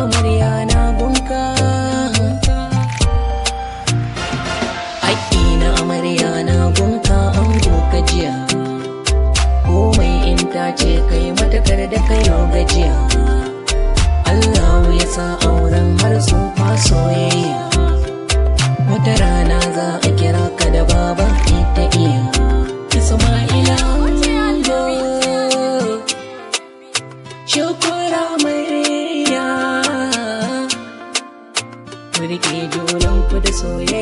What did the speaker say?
amarya na bunka haƙƙi na amarya na bunka an goka jiya komai in ta ce kai matakar da kai gajiya Allah ya sa auren har su fa soyayya wata rana za a kira ka da baba ita iya Isma'ila Shukura mai ku riƙe junan ku da soyayya